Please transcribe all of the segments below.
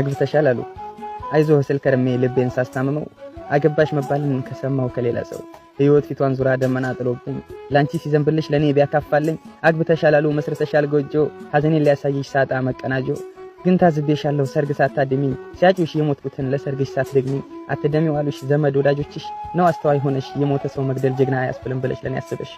አግብተሻል አሉ። አይዞህ ስል ከርሜ ልቤን ሳስታምመው አገባሽ መባልን ከሰማው ከሌላ ሰው ህይወት ፊቷን ዙራ ደመና ጥሎብኝ ላንቺ ሲዘንብልሽ ለኔ ቢያካፋልኝ አግብተሻል አሉ መስርተሻል ጎጆ ሐዘኔን ሊያሳይሽ ሳጣ መቀናጆ ግን ታዝቤሻለሁ ሰርግ ሳታድሚ ሲያጩሽ የሞትኩትን ለሰርግሽ ሳትደግሚ አትደሚ ዋሉሽ ዘመድ ወዳጆችሽ ነው አስተዋይ ሆነሽ የሞተ ሰው መግደል ጀግና አያስብልም ብለሽ ለኔ ያስበሽ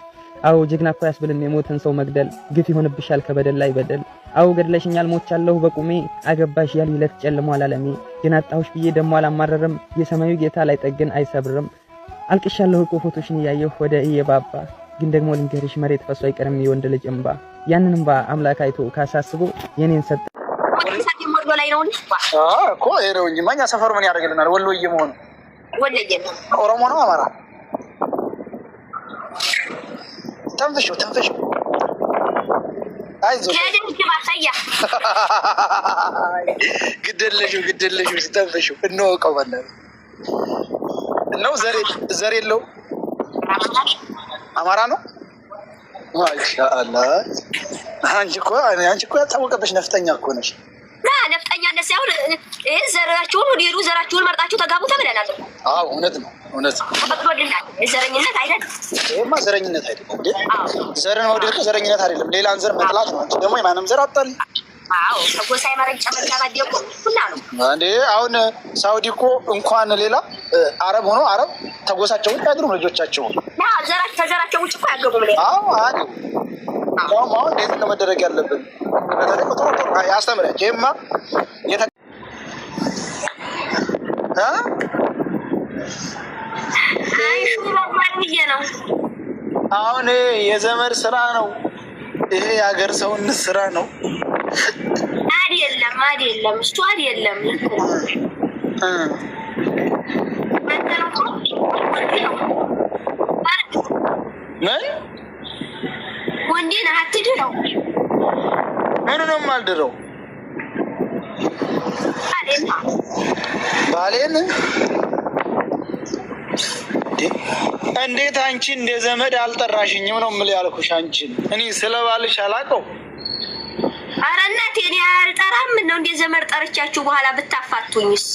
አዎ ጀግና እኮ አያስብልም የሞተን ሰው መግደል ግፍ ይሆንብሻል ከበደል ላይ በደል አው ገድለሽኛል፣ ሞቻለሁ በቁሜ አገባሽ ያል ይለት ጨልሟል አለሜ። ግን አጣሁሽ ብዬ ደሞ አላማረርም፣ የሰማዩ ጌታ ላይ ጠግን አይሰብርም። አልቅሻለሁ እኮ ፎቶሽን እያየሁ ወደ እየባባ ግን ደግሞ ልንገርሽ መሬት ፈሶ አይቀርም የወንድ ልጅ እንባ። ያንን እንባ አምላክ አይቶ ካሳስቦ የኔን ሰጠ እኮ ይሄ ነው እኛ ሰፈሩ ምን ያደርግልናል? ወሎዬ መሆኑ ኦሮሞ ነው አማራ ተንፍሹ ተንፍሹ ግደለሽው ግደለሽው ሲጠንፈሽው እንወቀው ማለት ነው። ዘር የለው አማራ ነው። ማሻአላ አንቺ እኮ አንቺ እኮ ያልታወቀበሽ ነፍጠኛ እኮ ነሽ። ነፍጠኛ እንደ ሳይሆን ዘራችሁን ሄዱ ዘራችሁን መርጣችሁ ተጋቡ ተብለናል። እውነት ነው እውነት ነው። ዘረኝነት አይደለም። ይሄማ ዘረኝነት አይደለም። ዘርን ወደ ዘረኝነት አይደለም። ሌላን ዘር መጥላት ነው እንጂ ደግሞ የማንም ዘር አጣል እንዴ አሁን ሳውዲ እኮ እንኳን ሌላ አረብ ሆኖ አረብ ተጎሳቸው ውጭ አያድሩም። ልጆቻቸውን ተዘራቸው ውጭ እኮ አያገቡም። አሁን እንዴት ነው መደረግ ያለብን? ያስተምራቸው ይሄማ የተ ነው አሁን የዘመድ ስራ ነው ይሄ የሀገር ሰውነት ስራ ነው። አይደለም አይደለም፣ እሱ አይደለም። ምን ወንዴን አትድረው። ምን ነው የማልድረው? ባሌን እንዴት አንቺ እንደ ዘመድ አልጠራሽኝም ነው የምልህ ያልኩሽ። አንቺን እኔ ስለ ባልሽ አላውቀው። ኧረ እናቴ እኔ አልጠራም ነው እንደ ዘመድ ጠርቻችሁ በኋላ ብታፋቱኝስ?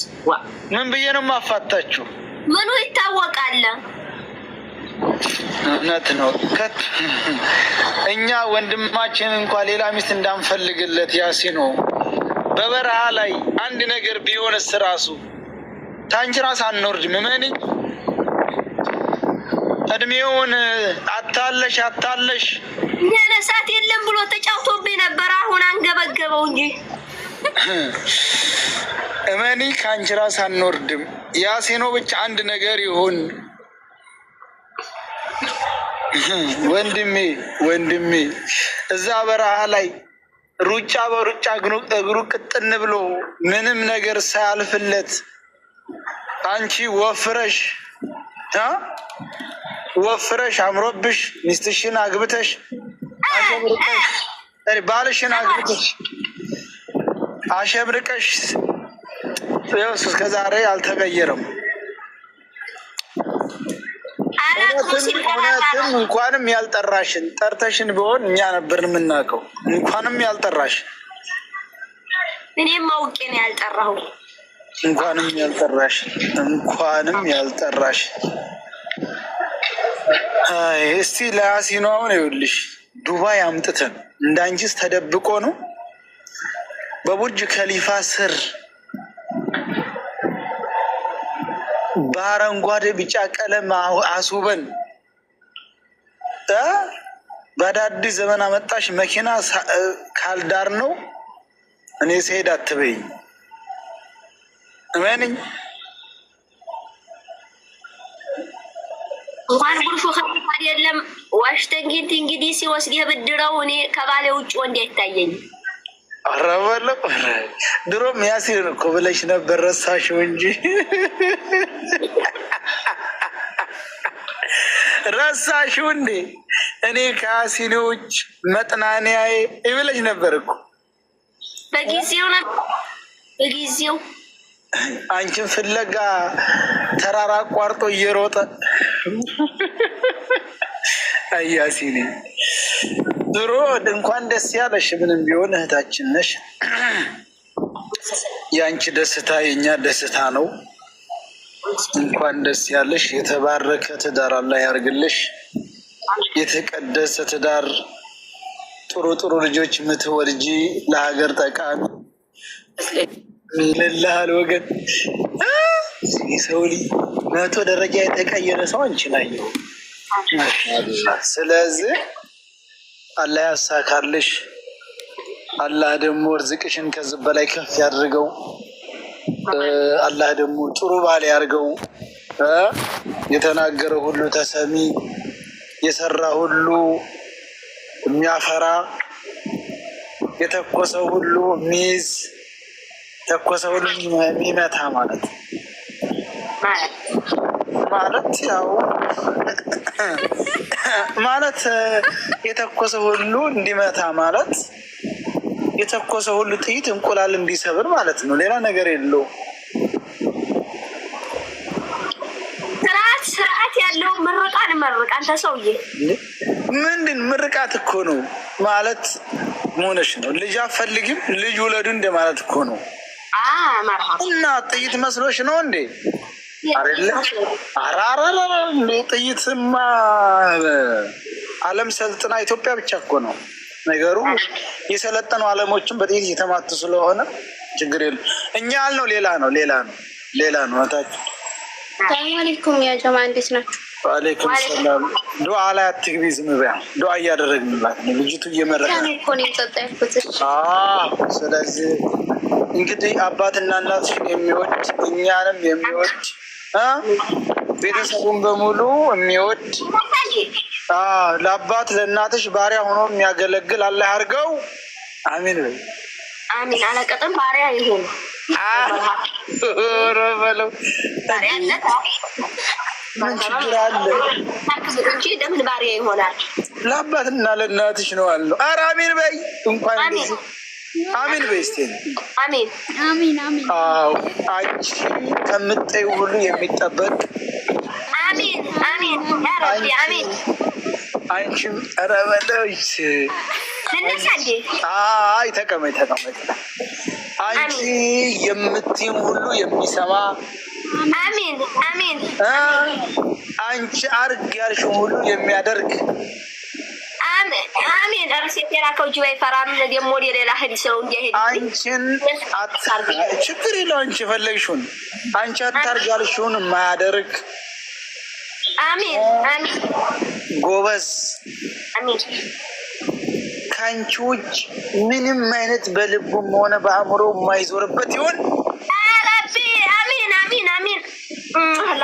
ምን ብዬ ነው የማፋታችሁ? ምኑ ይታወቃል። እውነት ነው። ከት እኛ ወንድማችን እንኳ ሌላ ሚስት እንዳንፈልግለት ያሲኖ በበረሃ ላይ አንድ ነገር ቢሆንስ ራሱ ታንቺ ራስ ምመንኝ እድሜውን አታለሽ አታለሽ ያነሳት የለም ብሎ ተጫውቶብኝ ነበር። አሁን አንገበገበው እንጂ እመኒ ከአንቺ ራስ አንወርድም። ያሴኖ ብቻ አንድ ነገር ይሁን ወንድሜ ወንድሜ እዛ በረሃ ላይ ሩጫ በሩጫ እግሩ ቅጥን ብሎ ምንም ነገር ሳያልፍለት አንቺ ወፍረሽ ወፍረሽ አምሮብሽ ሚስትሽን አግብተሽ አሸብርቀሽ ባልሽን አግብተሽ አሸብርቀሽ ስ እስከዛሬ አልተቀየረም። እውነትም እንኳንም ያልጠራሽን ጠርተሽን ቢሆን እኛ ነበር የምናውቀው። እንኳንም ያልጠራሽ እኔም አውቄ ነው ያልጠራሁ። እንኳንም ያልጠራሽ እንኳንም ያልጠራሽን እስቲ ለአሲኖ አሁን ይኸውልሽ ዱባይ አምጥተን እንዳንቺስ ተደብቆ ነው በቡርጅ ከሊፋ ስር በአረንጓዴ ቢጫ ቀለም አስውበን በአዳዲስ ዘመን አመጣሽ መኪና ካልዳር ነው እኔ ስሄድ አትበይኝ እመንኝ። እንኳን ጉርፉ ከፍ አይደለም ዋሽተንጊት እንግዲህ ሲወስድ የብድረው እኔ ከባሌ ውጭ ወንድ አይታየኝ። ኧረ በለው ድሮም ያሲርን እኮ ብለሽ ነበር ረሳሽው እንጂ ረሳሽው እንዴ? እኔ ከያሲን ውጭ መጥናንያዬ ይብለሽ ነበር እኮ በጊዜው ነበር በጊዜው አንቺን ፍለጋ ተራራ አቋርጦ እየሮጠ አያሲ ድሮ እንኳን ደስ ያለሽ። ምንም ቢሆን እህታችን ነሽ። የአንቺ ደስታ የእኛ ደስታ ነው። እንኳን ደስ ያለሽ። የተባረከ ትዳር አላህ ያርግልሽ። የተቀደሰ ትዳር፣ ጥሩ ጥሩ ልጆች ምትወልጂ፣ ለሀገር ጠቃሚ ልልሃል ወገን። የሰው መቶ ደረጃ የተቀየረ ሰው አንቺ ስለዚህ አላህ ያሳካልሽ። አላህ ደግሞ እርዝቅሽን ከዚህ በላይ ከፍ ያድርገው። አላህ ደግሞ ጥሩ ባል ያድርገው። የተናገረ ሁሉ ተሰሚ፣ የሰራ ሁሉ የሚያፈራ፣ የተኮሰ ሁሉ የሚይዝ፣ ተኮሰ ሁሉ የሚመታ ማለት ነው። ማለት ያው ማለት የተኮሰ ሁሉ እንዲመታ ማለት የተኮሰ ሁሉ ጥይት እንቁላል እንዲሰብር ማለት ነው። ሌላ ነገር የለው። ስርዓት ስርዓት ያለው ምርቃን መርቅ። አንተ ሰውዬ ምንድን ምርቃት እኮ ነው ማለት መሆነች ነው። ልጅ አፈልጊም ልጅ ውለዱ እንደማለት እኮ ነው። እና ጥይት መስሎች ነው እንዴ? አራራራ ጥይትማ ዓለም ሰልጥና ኢትዮጵያ ብቻ እኮ ነው ነገሩ። የሰለጠኑ ዓለሞችን በጥይት እየተማቱ ስለሆነ ችግር የለም። እኛ ያልነው ሌላ ነው፣ ሌላ ነው፣ ሌላ ነው። ታችሁ ሰላም አለይኩም ያ ጀማ እንዴት ናችሁ? ዋሌኩም ሰላም። ዱዓ ላይ አትግቢ፣ ዝም በያ። ዱዓ እያደረግንላት ልጅቱ እየመረቀ ስለዚህ እንግዲህ አባትና እናት የሚወድ እኛንም የሚወድ ቤተሰቡን በሙሉ የሚወድ ለአባት ለእናትሽ ባሪያ ሆኖ የሚያገለግል አለ አድርገው። አሚን በይ። አሚን አለቀጥም ባሪያ ይሁን በለው። ምን ችግር አለ እንጂ ለምን ባሪያ ይሆናል? ለአባትና ለእናትሽ ነው አለው። አራሚን በይ እንኳን አሚን ቤስቴ አሜን አሜን አሜን። አዎ አንቺ ከምጠይ ሁሉ የሚጠበቅ አሜን አሜን ያ ረቢ አንቺም ኧረ በለሽ አይ ተቀመጥ ተቀመጥ። አንቺ የምትይም ሁሉ የሚሰማ አሜን አሜን። አንቺ አርግ ያልሽም ሁሉ የሚያደርግ አሜን ጨርስ የተላከው ጅባ ይፈራም ደግሞ ሌላ ህድ ሰው እንዲሄድ አንቺን ችግር የለው። አንቺ የፈለግሽውን አንቺ አታርግ ያልሽውን የማያደርግ አሚን አሚን። ጎበዝ አሚን። ከአንቺ ውጭ ምንም አይነት በልቡም ሆነ በአእምሮ የማይዞርበት ይሆን አላቢ አሚን አሚን አሚን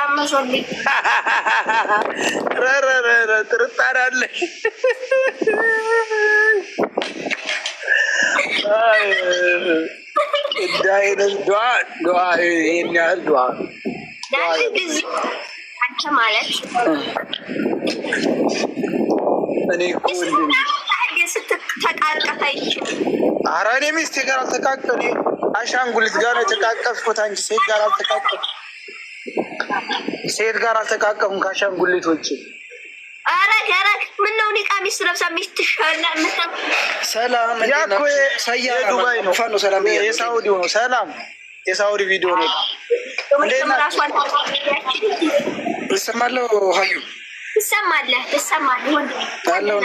ላመሶልኝ ጥርጣሬ አለኝ። ይሄን ያህል ዱዐ ማለት እኔ እኮ እኔ ሚስቴ ጋር አልተቃቀፍ አሻንጉሊት ጋር የተቃቀፍኩት አንቺ ሴት ጋር አልተቃቀፍኩ። ሴት ጋር አልተቃቀፉም ከአሻንጉሊቶች። ኧረ ደረግ ለብሳ ሰላም ነው ሰላም የሳውዲ ቪዲዮ ነው። እሰማለሁ ሀዩ ትሰማለህ ትሰማለህ። ወንድ ነው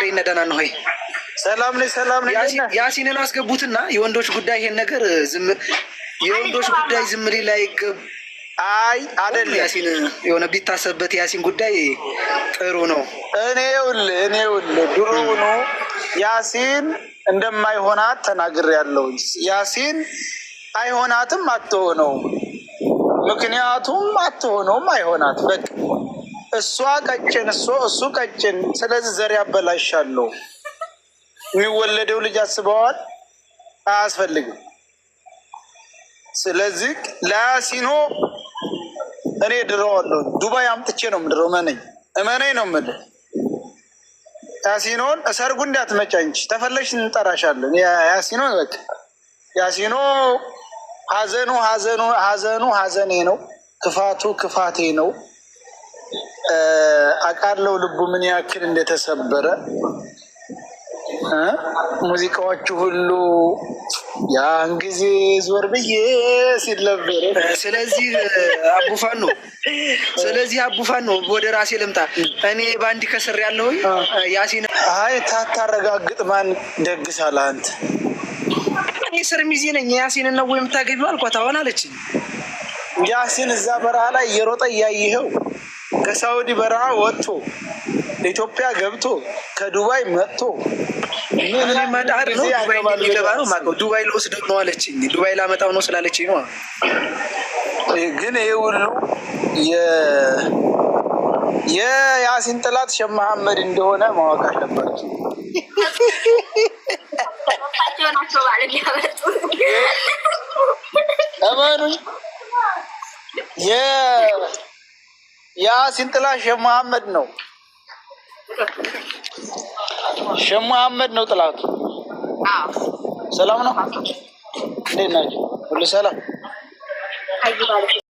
ሰላም ነኝ ሰላም ነኝ። ያሲንን አስገቡትና የወንዶች ጉዳይ ይሄን ነገር ዝም የወንዶች ጉዳይ ዝም ሊል አይገባም። አይ አይደለም ያሲን የሆነ ቢታሰብበት ያሲን ጉዳይ ጥሩ ነው። እኔ ውል እኔ ውል ድሮውኑ ያሲን እንደማይሆናት ያለው ያሲን አይሆናትም አትሆነው፣ ምክንያቱም አትሆነውም አይሆናት በቃ እሷ ቀጭን እሱ እሱ ቀጭን፣ ስለዚህ ዘር ያበላሻለሁ። የሚወለደው ልጅ አስበዋል አያስፈልግም። ስለዚህ ለያሲኖ እኔ ድሮ አለሁ ዱባይ አምጥቼ ነው ምድረው። መነኝ እመነኝ ነው ምድ ያሲኖን ሰርጉ እንዳትመጪ ተፈለሽ እንጠራሻለን። ያሲኖን በቃ ያሲኖ ሀዘኑ ሀዘኑ ሀዘኑ ሀዘኔ ነው፣ ክፋቱ ክፋቴ ነው። አቃለው ልቡ ምን ያክል እንደተሰበረ ሙዚቃዎቹ ሁሉ ያን ጊዜ ዞር ብዬ ሲለበር። ስለዚህ አቡፋን ነው ስለዚህ አቡፋን ነው ወደ ራሴ ልምጣ። እኔ በአንድ ከስር ያለሁኝ ያሲን አይ ታታረጋግጥ ማን ደግሳል አንተ እኔ ስር ሚዜ ነኝ። ያሴን ነው ወይም ታገቢው አልኳት። አሁን አለችኝ ያሴን እዛ በረሃ ላይ እየሮጠ እያየኸው ከሳውዲ በረሃ ወጥቶ ኢትዮጵያ ገብቶ ከዱባይ መጥቶ ዱባይ ልወስደው ነው አለችኝ። ዱባይ ላመጣው ነው ስላለችኝ ነው። ግን ይህ ሁሉ የያሲን ጥላት ሸህ መሐመድ እንደሆነ ማወቅ አለባቸው። ያ ሲንጥላ ሼህ መሐመድ ነው። ሼህ መሐመድ ነው ጥላቱ። ሰላም ነው። እንዴት ናቸው? ሁሉ ሰላም